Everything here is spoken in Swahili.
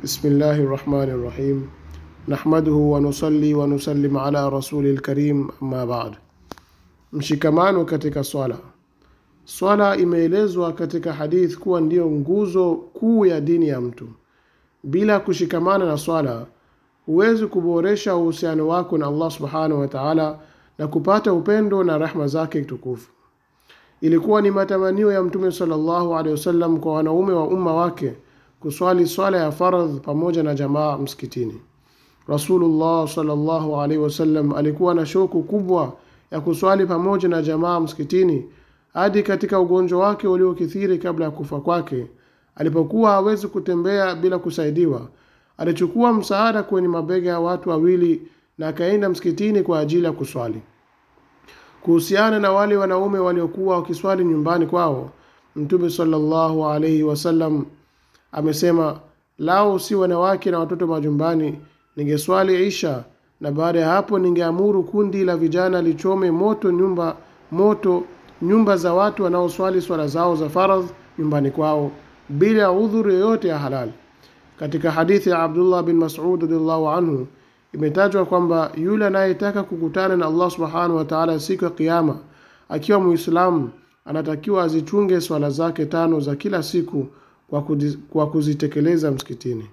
Bismillahi rahmani rahim nahmaduhu wa nusalli ala rasuli lkarim amma ba'd. Mshikamano katika swala. Swala imeelezwa katika hadith kuwa ndiyo nguzo kuu ya dini ya mtu. Bila kushikamana na swala huwezi kuboresha uhusiano wako na Allah subhanahu wa taala na kupata upendo na rahma zake tukufu. Ilikuwa ni matamanio ya Mtume sallallahu alaihi wasallam kwa wanaume wa umma wake kuswali swala ya fardh pamoja na jamaa msikitini. Rasulullah sallallahu alaihi wasallam alikuwa na shauku kubwa ya kuswali pamoja na jamaa msikitini hadi katika ugonjwa wake uliokithiri kabla ya kufa kwake, alipokuwa hawezi kutembea bila kusaidiwa, alichukua msaada kwenye mabega ya watu wawili na akaenda msikitini kwa ajili ya kuswali. Kuhusiana na wale wanaume waliokuwa wakiswali nyumbani kwao, Mtume sallallahu alaihi wasallam amesema lau si wanawake na watoto majumbani ningeswali isha na baada ya hapo ningeamuru kundi la vijana lichome moto nyumba moto nyumba za watu wanaoswali swala zao za faradh nyumbani kwao bila udhuru yoyote ya halali katika hadithi ya Abdullah bin Mas'ud radhiallahu anhu imetajwa kwamba yule anayetaka kukutana na Allah subhanahu wa ta'ala siku ya kiyama akiwa muislamu anatakiwa azichunge swala zake tano za kila siku kwa kuzitekeleza msikitini.